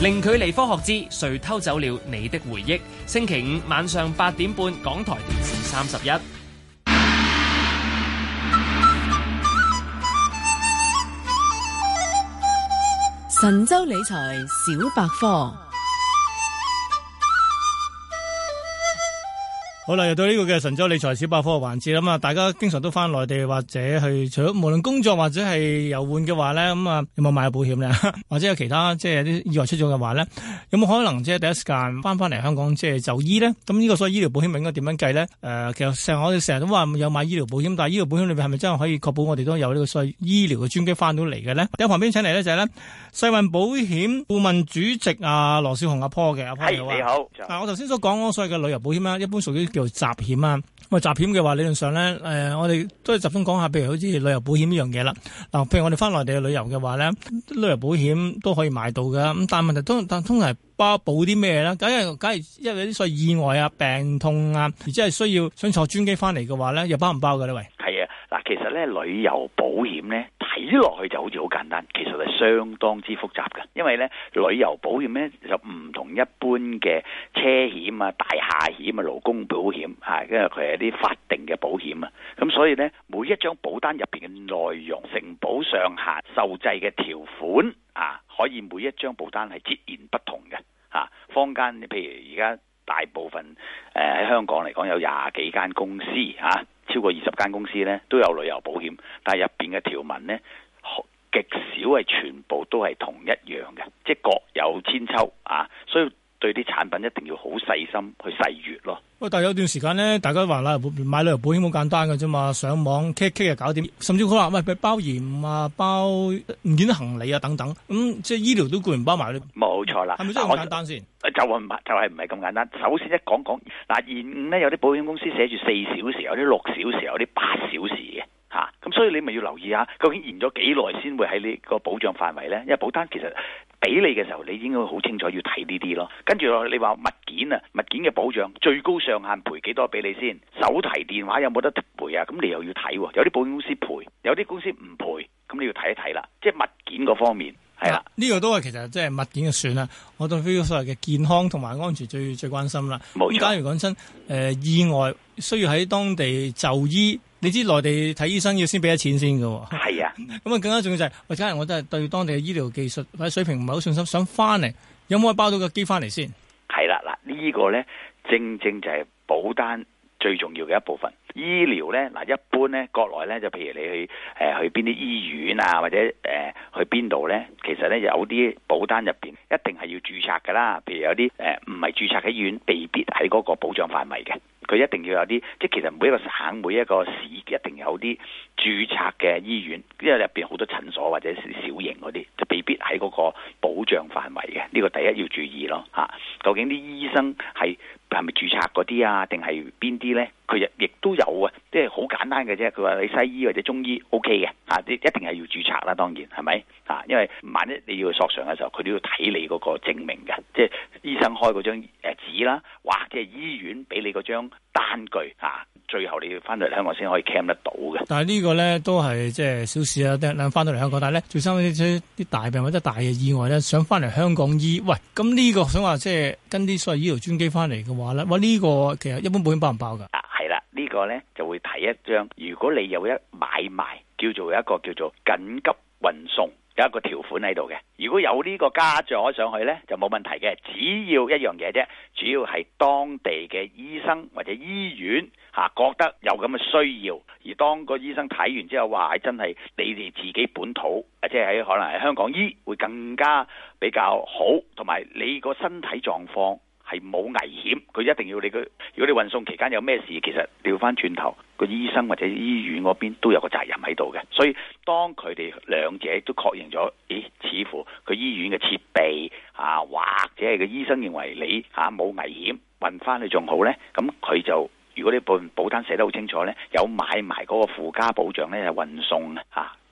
零距離科學之，誰偷走了你的回憶？星期五晚上八點半，港台電視三十一。神州理財小百科。好啦，又到呢個嘅神州理財小百科嘅環節啦嘛，大家經常都翻內地或者去，除咗無論工作或者係遊玩嘅話咧，咁、嗯、啊有冇買保險咧？ 或者有其他即係啲意外出咗嘅話咧，有冇可能即係第一時間翻翻嚟香港即係、就是、就醫呢？咁呢個所謂醫療保險，我應該點樣計咧？誒，其實成我哋成日都話有買醫療保險，但係醫療保險裏邊係咪真係可以確保我哋都有呢個所謂醫療嘅專機翻到嚟嘅呢？喺旁邊請嚟咧就係、是、呢世運保險顧問主席啊羅少雄阿婆嘅阿婆，你好，我頭先所講嗰所謂嘅旅遊保險啦，一般屬於做集險啊，喂，集險嘅話理論上咧，誒，我哋都係集中講下，譬如好似旅遊保險呢樣嘢啦。嗱，譬如我哋翻內地去旅遊嘅話咧，旅遊保險都可以買到噶。咁但係問題通但通常係包保啲咩咧？假如假如因為啲所謂意外啊、病痛啊，而即係需要想坐專機翻嚟嘅話咧，又包唔包嘅呢？喂，係啊，嗱，其實咧旅遊保險咧。睇落去就好似好簡單，其實係相當之複雜嘅，因為咧旅遊保險咧就唔同一般嘅車險啊、大廈險啊、勞工保險嚇、啊，因為佢係啲法定嘅保險啊，咁所以咧每一張保單入邊嘅內容、承保上限、受制嘅條款啊，可以每一張保單係截然不同嘅嚇、啊。坊間譬如而家大部分誒喺、呃、香港嚟講有廿幾間公司嚇。啊超過二十間公司咧都有旅遊保險，但係入邊嘅條文咧極少係全部都係同一樣嘅，即係各有千秋啊，所以。對啲產品一定要好細心去細閱咯。喂，但係有段時間咧，大家都話啦，買旅遊保險好簡單嘅啫嘛，上網 K K 啊搞掂，甚至可能喂，包延誤、包唔見得行李啊等等，咁、嗯、即係醫療都固然包埋啦。冇錯啦，係咪真係咁簡單先？就啊，就係唔係咁簡單。首先一講一講嗱，延誤咧有啲保險公司寫住四小時，有啲六小時，有啲八小時嘅吓。咁、啊、所以你咪要留意下，究竟延咗幾耐先會喺呢個保障範圍咧？因為保單其實俾你嘅時候，你應該好清楚要睇呢啲咯。跟住你話物件啊，物件嘅保障最高上限賠幾多俾你先？手提電話有冇得賠啊？咁你又要睇喎。有啲保險公司賠，有啲公司唔賠，咁你要睇一睇啦。即係物件嗰方面係啦，呢、啊這個都係其實即係物件嘅算啦。我對呢個所謂嘅健康同埋安全最最關心啦。冇。假如講真，誒、呃、意外需要喺當地就醫。你知內地睇醫生要先俾咗錢先㗎喎、哦，係啊，咁啊更加重要就係，喂，家人我真係對當地嘅醫療技術或者水平唔係好信心，想翻嚟，有冇可以包到個機翻嚟先？係啦，嗱、這、呢個咧，正正就係保單最重要嘅一部分。醫療咧，嗱一般咧，國內咧就譬如你去誒去邊啲醫院啊，或者誒去邊度咧，其實咧有啲保單入邊一定係要註冊㗎啦。譬如有啲誒唔係註冊嘅醫院，未必喺嗰個保障範圍嘅。佢一定要有啲，即係其實每一個省每一個市一定有啲註冊嘅醫院，因為入邊好多診所或者小型嗰啲，就未必喺嗰個保障範圍嘅。呢個第一要注意咯嚇。究竟啲醫生係係咪註冊嗰啲啊？定係邊啲呢？佢亦都有啊，即係好簡單嘅啫。佢話你西醫或者中醫 OK 嘅嚇，啲，啊，一定係要註冊啦。當然係咪嚇？因為萬一你要去索償嘅時候，佢都要睇你嗰個證明嘅，即係醫生開嗰張誒醫啦，哇！即係醫院俾你嗰張單據吓、啊，最後你要翻到嚟香港先可以 cam 得到嘅。但係呢個咧都係即係小事啦。等翻到嚟香港，但係咧最辛苦啲，大病或者大嘅意外咧，想翻嚟香港醫喂咁呢個想話即係跟啲所謂醫療專機翻嚟嘅話咧，喂，呢個,、就是、個其實一般保險包唔包噶？啊，係啦，這個、呢個咧就會睇一張，如果你有一買賣叫做一個叫做緊急。運送有一個條款喺度嘅，如果有呢個加咗上去呢，就冇問題嘅。只要一樣嘢啫，主要係當地嘅醫生或者醫院嚇、啊、覺得有咁嘅需要，而當個醫生睇完之後，話，係真係你哋自己本土，即係喺可能喺香港醫會更加比較好，同埋你個身體狀況。係冇危險，佢一定要你。如果你運送期間有咩事，其實調翻轉頭，個醫生或者醫院嗰邊都有個責任喺度嘅。所以當佢哋兩者都確認咗，咦？似乎佢醫院嘅設備啊，或者係個醫生認為你嚇、啊、冇危險運翻去仲好呢。咁佢就如果你保保單寫得好清楚呢，有買埋嗰個附加保障呢，係運送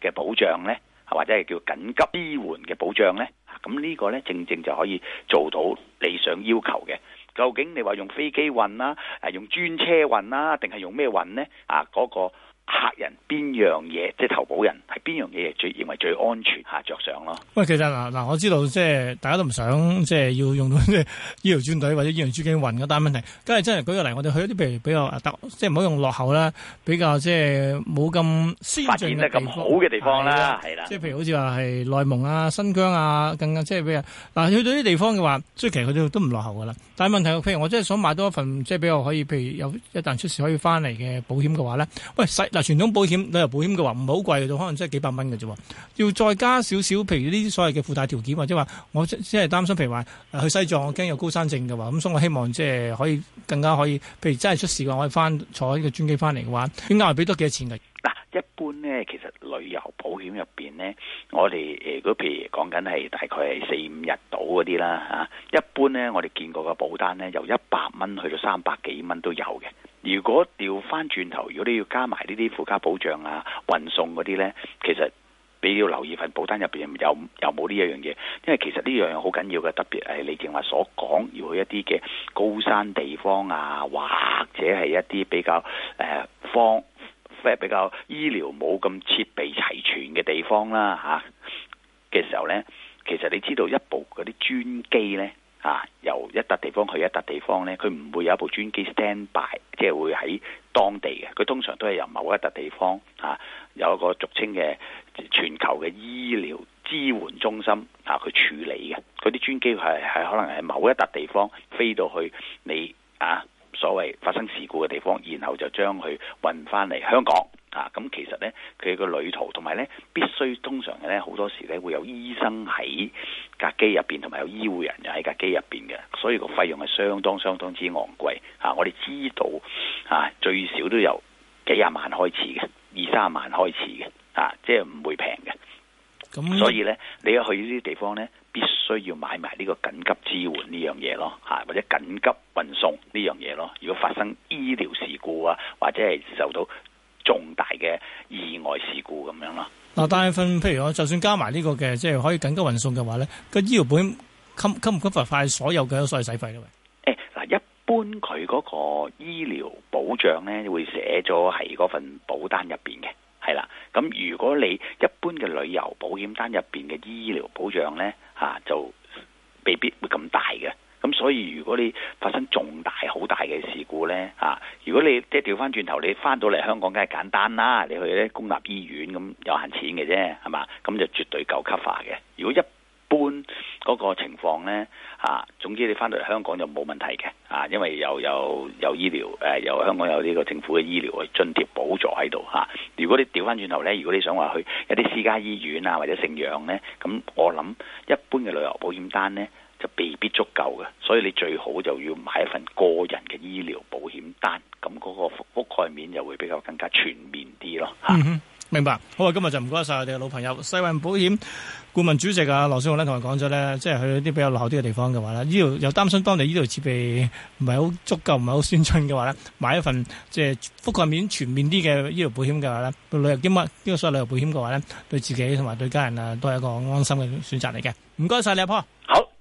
嘅保障呢，或者係叫緊急醫援嘅保障呢。咁呢個咧，正正就可以做到理想要求嘅。究竟你話用飛機運啦，誒，用專車運啦，定係用咩運咧？啊，嗰個客人邊樣嘢，即係投保人係邊樣嘢最認為最安全嚇着想咯？喂，其實嗱嗱，我知道即係大家都唔想即係要用到即係醫療專隊或者醫療專機運嘅，但、那、係、個、問題，梗係真係舉個例，我哋去一啲譬如比較即係唔好用落後啦，比較即係冇咁先進發展得咁好嘅地方啦，係啦，即係譬如，譬如好似話係內蒙啊、新疆啊，更加即係譬如嗱，去到啲地方嘅話，即係其實佢哋都唔落後噶啦，但係問題，譬如我真係想買多一份即係比較可以，譬如有一旦出事可以翻嚟嘅保險嘅話咧，喂，嗱，傳統保險旅遊保險嘅話唔係好貴嘅就可能真係幾百蚊嘅啫。要再加少少，譬如呢啲所謂嘅附帶條件或者係話我即係擔心，譬如話去西藏，我驚有高山症嘅話，咁所以我希望即係可以更加可以，譬如真係出事嘅話，我可以翻坐呢個專機翻嚟嘅話，應該係俾多幾多錢嘅。嗱、啊，一般咧，其實旅遊保險入邊咧，我哋誒如果譬如講緊係大概係四五日到嗰啲啦嚇，一般咧我哋見過嘅保單咧，由一百蚊去到三百幾蚊都有嘅。如果掉翻轉頭，如果你要加埋呢啲附加保障啊、運送嗰啲呢，其實你要留意份保單入面有有冇呢一樣嘢，因為其實呢樣嘢好緊要嘅，特別係你正話所講要去一啲嘅高山地方啊，或者係一啲比較、呃、方，即比較醫療冇咁設備齊全嘅地方啦嚇嘅時候呢，其實你知道一部嗰啲專機呢。啊，由一笪地方去一笪地方呢，佢唔會有一部專機 stand by，即係會喺當地嘅。佢通常都係由某一笪地方啊，有一個俗稱嘅全球嘅醫療支援中心啊，去處理嘅。嗰啲專機係可能係某一笪地方飛到去你啊所謂發生事故嘅地方，然後就將佢運翻嚟香港。啊，咁其實咧，佢個旅途同埋咧，必須通常咧，好多時咧會有醫生喺架機入邊，同埋有，有醫護人員喺架機入邊嘅，所以個費用係相當相當之昂貴。嚇、啊，我哋知道，嚇、啊、最少都由幾廿萬開始嘅，二三十萬開始嘅，啊，即係唔會平嘅。咁所以咧，你去呢啲地方咧，必須要買埋呢個緊急支援呢樣嘢咯，嚇、或者緊急運送呢樣嘢咯。如果發生醫療事故啊，或者係受到重大嘅意外事故咁樣咯。嗱、嗯，但係份譬如我就算加埋呢，這個嘅，即、就、係、是、可以緊急運送嘅話咧，個醫療保險 cover 唔 cover 快所有嘅所有使費咧？喂，誒，嗱，一般佢嗰個醫療保障咧會寫咗喺嗰份保單入邊嘅，係啦。咁如果你一般嘅旅遊保險單入邊嘅醫療保障咧，吓、啊、就未必會咁大嘅。咁所以如果你發生重大好大嘅事故咧，吓、啊。如果你即係調翻轉頭，你翻到嚟香港梗係簡單啦，你去啲公立醫院咁有限錢嘅啫，係嘛？咁就絕對夠 cover 嘅。如果一般嗰個情況呢，啊，總之你翻到嚟香港就冇問題嘅，啊，因為又有有，有醫療誒，啊、有香港有呢個政府嘅醫療去津貼補助喺度嚇。如果你調翻轉頭呢，如果你想話去一啲私家醫院啊，或者盛養呢，咁我諗一般嘅旅遊保險單呢。足夠嘅，所以你最好就要買一份個人嘅醫療保險單，咁嗰個覆蓋面就會比較更加全面啲咯、啊嗯。明白。好啊，今日就唔該晒我哋嘅老朋友世運保險顧問主席啊，羅少雄咧同佢講咗咧，即係去啲比較落後啲嘅地方嘅話呢，醫療又擔心當地醫療設備唔係好足夠，唔係好先進嘅話呢，買一份即係、就是、覆蓋面全面啲嘅醫療保險嘅話咧，旅遊險啊呢個所謂旅遊保險嘅話呢，對自己同埋對家人啊都係一個安心嘅選擇嚟嘅。唔該晒你，阿婆。好。